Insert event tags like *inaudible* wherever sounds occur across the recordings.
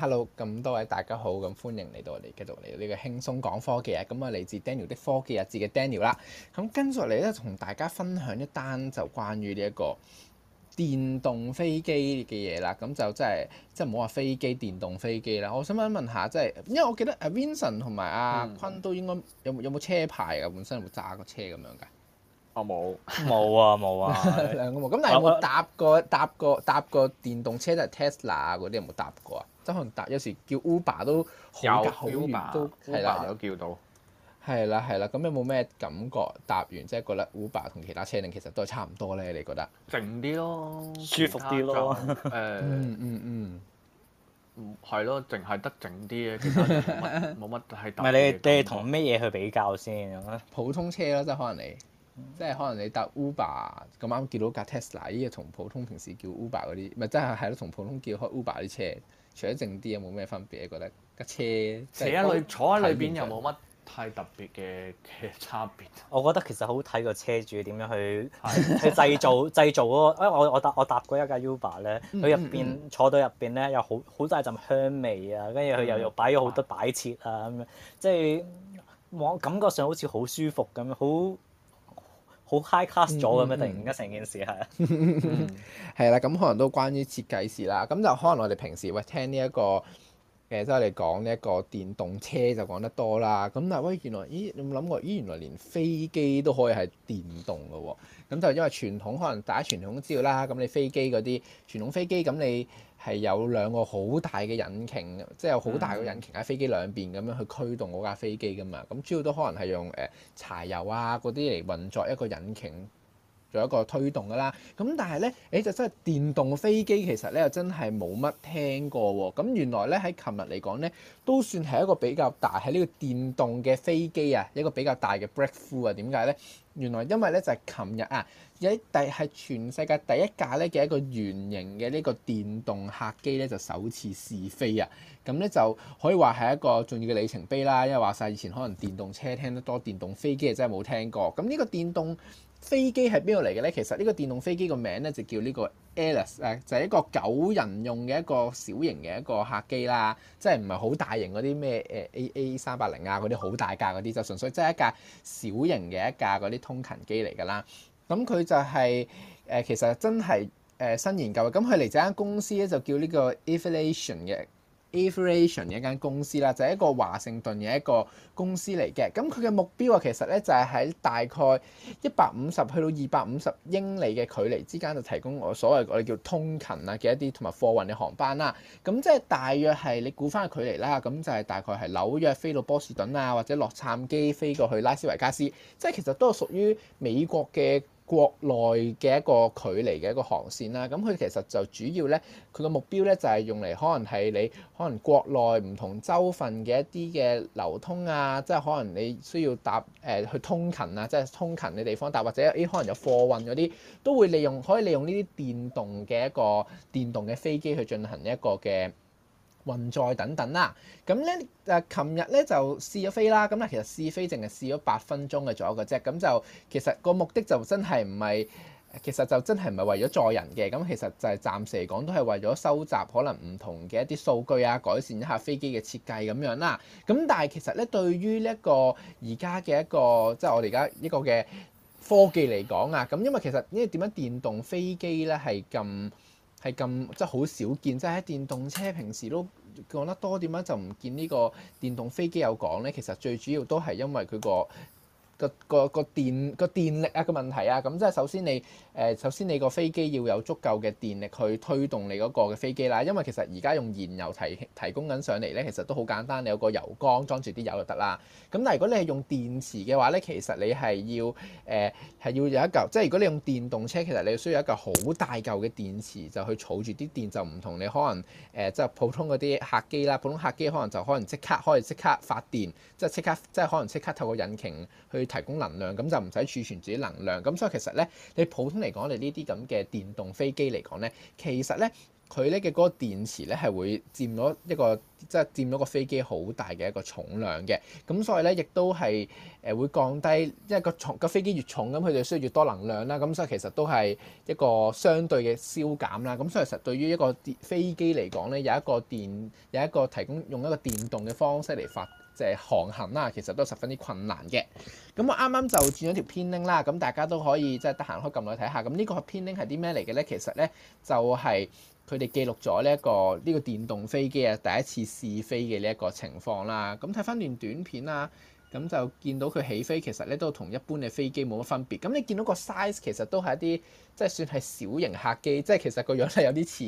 Hello，咁多位大家好，咁歡迎嚟到我哋繼續嚟呢個輕鬆講科技啊！咁啊嚟自 Daniel 的科技日誌嘅 Daniel 啦，咁跟住嚟咧，同大家分享一單就關於呢一個電動飛機嘅嘢啦。咁就真係，即係唔好話飛機電動飛機啦。我想問一問下，即係因為我記得阿 Vincent 同埋阿坤都應該有有冇車牌嘅，本身有冇揸個車咁樣嘅？我冇冇啊冇啊兩個冇。咁但係有冇搭過搭過搭過電動車，即係 Tesla 嗰啲有冇搭過啊？即係可能搭有時叫 Uber 都好夾好遠都係啦，有叫到係啦係啦。咁有冇咩感覺搭完即係覺得 Uber 同其他車定其實都係差唔多咧？你覺得靜啲咯，舒服啲咯？誒嗯嗯嗯，係咯，淨係得靜啲嘅，其實冇乜係唔係？你哋同咩嘢去比較先？普通車咯，即係可能你。嗯、即係可能你搭 Uber 咁啱見到架 Tesla，依個同普通平時叫 Uber 嗰啲，咪真係係咯，同普通叫開 Uber 啲車，除咗靜啲有冇咩分別？你覺得架車，即裏坐喺裏坐喺裏邊又冇乜太特別嘅嘅差別。我覺得其實好睇個車主點樣去去製造製造嗰個，因為我我，我搭我搭過一架 Uber 咧，佢入邊坐到入邊咧有好好大陣香味啊，跟住佢又又擺咗好多擺設啊咁樣，嗯嗯、即係我感覺上好似好舒服咁樣好。好 high class 咗嘅咩？突然間成件事係係啦，咁 *laughs* *laughs* 可能都關於設計事啦。咁就可能我哋平時會聽呢、這、一個。誒，即係你講呢一個電動車就講得多啦。咁但係喂，原來咦，你有冇諗過？咦，原來連飛機都可以係電動㗎喎。咁就因為傳統，可能大家傳統都知道啦。咁你飛機嗰啲傳統飛機，咁你係有兩個好大嘅引擎，即係有好大嘅引擎喺飛機兩邊咁樣去驅動嗰架飛機㗎嘛。咁主要都可能係用誒柴油啊嗰啲嚟運作一個引擎。做一個推動㗎啦，咁但係咧，誒、欸、就真係電動飛機其實咧又真係冇乜聽過喎。咁原來咧，喺琴日嚟講咧，都算係一個比較大喺呢個電動嘅飛機啊，一個比較大嘅 breakthrough 啊。點解咧？原來因為咧就係琴日啊，喺第係全世界第一架咧嘅一個原型嘅呢個電動客機咧就首次試飛啊。咁咧就可以話係一個重要嘅里程碑啦。因為話晒以前可能電動車聽得多，電動飛機係真係冇聽過。咁呢個電動飛機係邊度嚟嘅咧？其實呢個電動飛機個名咧就叫呢個 Alice，誒就係一個九人用嘅一個小型嘅一個客機啦，即係唔係好大型嗰啲咩誒 AA 三八零啊嗰啲好大架嗰啲，就純粹即係一架小型嘅一架嗰啲通勤機嚟㗎啦。咁、嗯、佢就係、是、誒、呃、其實真係誒、呃、新研究嘅。咁佢嚟自間公司咧就叫呢個 Eviation 嘅。Eviation 一間公司啦，就係一個華盛頓嘅一個公司嚟嘅。咁佢嘅目標啊，其實咧就係喺大概一百五十去到二百五十英里嘅距離之間，就提供所我所謂我哋叫通勤啊嘅一啲同埋貨運嘅航班啦。咁即係大約係你估翻個距離啦，咁就係大概係紐約飛到波士頓啊，或者洛杉磯飛過去拉斯維加斯，即係其實都係屬於美國嘅。國內嘅一個距離嘅一個航線啦，咁佢其實就主要咧，佢個目標咧就係、是、用嚟可能係你可能國內唔同州份嘅一啲嘅流通啊，即係可能你需要搭誒、呃、去通勤啊，即係通勤嘅地方搭，或者誒可能有貨運嗰啲，都會利用可以利用呢啲電動嘅一個電動嘅飛機去進行一個嘅。運載等等啦，咁咧誒，琴日咧就試咗飛啦，咁咧其實試飛淨係試咗八分鐘嘅左右嘅啫，咁就其實個目的就真係唔係，其實就真係唔係為咗載人嘅，咁其實就係暫時嚟講都係為咗收集可能唔同嘅一啲數據啊，改善一下飛機嘅設計咁樣啦。咁但係其實咧，對於呢一個而家嘅一個即係我哋而家呢個嘅科技嚟講啊，咁因為其實呢為點樣電動飛機咧係咁。係咁，即係好少見，即係喺電動車平時都講得多點解，就唔見呢個電動飛機有講呢，其實最主要都係因為佢個。個個個電個電力啊，個問題啊，咁、嗯、即係首先你誒、呃、首先你個飛機要有足夠嘅電力去推動你嗰個嘅飛機啦，因為其實而家用燃油提提供緊上嚟咧，其實都好簡單，你有個油缸裝住啲油就得啦。咁但係如果你係用電池嘅話咧，其實你係要誒係、呃、要有一嚿，即係如果你用電動車，其實你需要一嚿好大嚿嘅電池就去儲住啲電就，就唔同你可能誒即係普通嗰啲客機啦，普通客機可能就可能即刻可以即刻發電，即係即刻即係可能即刻透過引擎去。提供能量咁就唔使儲存自己能量。咁所以其實咧，你普通嚟講，你呢啲咁嘅電動飛機嚟講咧，其實咧佢咧嘅嗰個電池咧係會佔咗一個即係佔咗個飛機好大嘅一個重量嘅，咁所以咧亦都係誒會降低，因為個重個飛機越重，咁佢哋需要越多能量啦，咁所以其實都係一個相對嘅消減啦。咁所以其實對於一個電飛機嚟講咧，有一個電有一個提供用一個電動嘅方式嚟發。即係航行啦，其實都十分之困難嘅。咁我啱啱就轉咗條片鈴啦，咁大家都可以即係得閒開撳落去睇下。咁呢個片鈴係啲咩嚟嘅呢？其實呢，就係佢哋記錄咗呢一個呢、呢個電動飛機啊第一次試飛嘅呢一個情況啦。咁睇翻段短片啦。咁就見到佢起飛，其實咧都同一般嘅飛機冇乜分別。咁你見到個 size 其實都係一啲即係算係小型客機，即係其實個樣係有啲似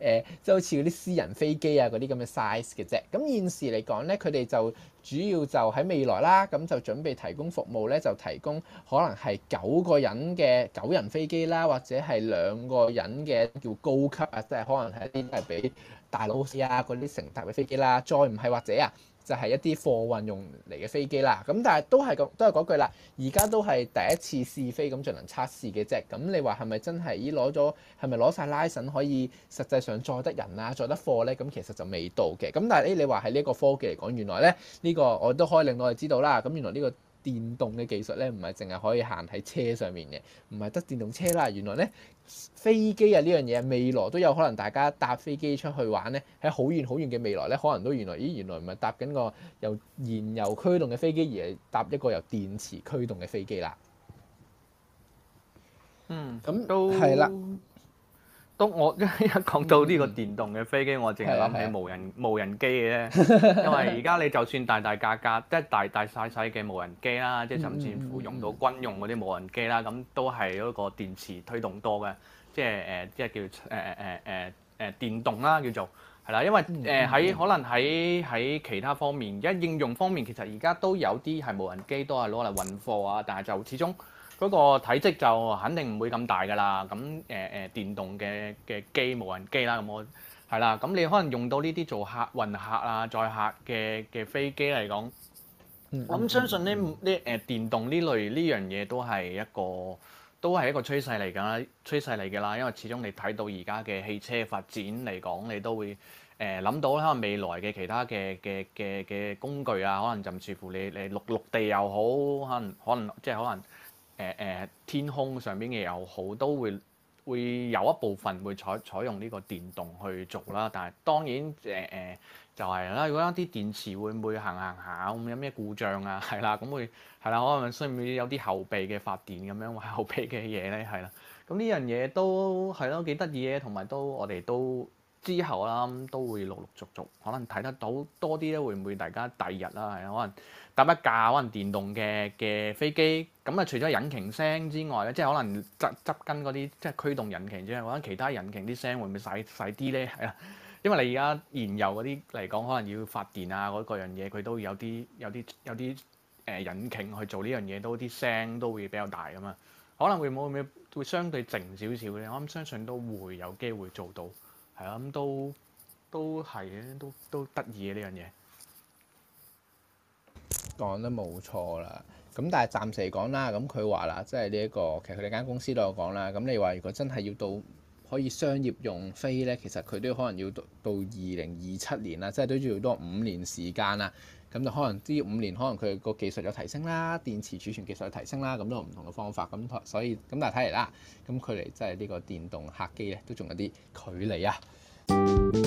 誒，即係好似嗰啲私人飛機啊嗰啲咁嘅 size 嘅啫。咁現時嚟講咧，佢哋就主要就喺未來啦，咁就準備提供服務咧，就提供可能係九個人嘅九人飛機啦，或者係兩個人嘅叫高級啊，即係可能係一啲係俾大佬啊嗰啲乘搭嘅飛機啦。再唔係或者啊～就係一啲貨運用嚟嘅飛機啦，咁但係都係咁，都係嗰句啦。而家都係第一次試飛咁進行測試嘅啫。咁你話係咪真係依攞咗，係咪攞晒拉鈴可以實際上載得人啊，載得貨咧？咁其實就未到嘅。咁但係誒，你話喺呢一個科技嚟講，原來咧呢個我都可以令我哋知道啦。咁原來呢個。電動嘅技術咧，唔係淨係可以行喺車上面嘅，唔係得電動車啦。原來咧，飛機啊呢樣嘢，未來都有可能大家搭飛機出去玩咧，喺好遠好遠嘅未來咧，可能都原來，咦，原來唔係搭緊個由燃油驅動嘅飛機，而係搭一個由電池驅動嘅飛機啦。嗯，咁都係那都啦。都我一講到呢個電動嘅飛機，嗯、我淨係諗起無人、啊、無人機嘅啫。 *laughs* 因為而家你就算大大架架，即係大大細細嘅無人機啦，即係甚至乎用到軍用嗰啲無人機啦，咁都係嗰個電池推動多嘅，即係誒、呃，即係叫誒誒誒誒誒電動啦，叫做係啦。因為誒喺、呃、可能喺喺其他方面，而家應用方面，其實而家都有啲係無人機，都係攞嚟運貨啊，但係就始終。嗰個體積就肯定唔會咁大㗎啦。咁誒誒，電動嘅嘅機、無人機啦，咁我係啦。咁你可能用到呢啲做客運客啊、載客嘅嘅飛機嚟講，嗯、我諗相信呢呢誒電動呢類呢樣嘢都係一個都係一個趨勢嚟㗎，趨勢嚟㗎啦。因為始終你睇到而家嘅汽車發展嚟講，你都會誒諗、呃、到可能未來嘅其他嘅嘅嘅嘅工具啊，可能就唔似乎你你陸陸地又好，可能可能即係可能。誒誒、呃，天空上邊嘅又好，都會會有一部分會採採用呢個電動去做啦。但係當然誒誒、呃呃，就係、是、啦。如果啲電池會唔會行行下，會唔會有咩故障啊？係啦，咁會係啦，可能需要有啲後備嘅發電咁樣，後備嘅嘢咧係啦。咁呢樣嘢都係咯，幾得意嘅，同埋都我哋都。之後啦，都會陸陸續續可能睇得到多啲咧。會唔會大家第日啦，係啊，可能搭一架可能電動嘅嘅飛機咁啊？除咗引擎聲之外咧，即係可能執執跟嗰啲即係驅動引擎之外，可能其他引擎啲聲會唔會細細啲咧？係啊，因為你而家燃油嗰啲嚟講，可能要發電啊嗰個樣嘢，佢都有啲有啲有啲誒、呃、引擎去做呢樣嘢，都啲聲都會比較大啊嘛。可能會唔會會，會，會，會相對靜少少咧。我諗相信都會有機會做到。係啊，咁都都係嘅，都都都得意嘅呢樣嘢。講得冇錯啦，咁但係暫時嚟講啦，咁佢話啦，即係呢一個其實佢哋間公司都有講啦，咁你話如果真係要到，可以商業用飛呢，其實佢都可能要到到二零二七年啦，即係都要多五年時間啦。咁就可能呢五年，可能佢個技術有提升啦，電池儲存技術有提升啦，咁都唔同嘅方法。咁所以咁但係睇嚟啦，咁距離即係呢個電動客機呢，都仲有啲距離啊。嗯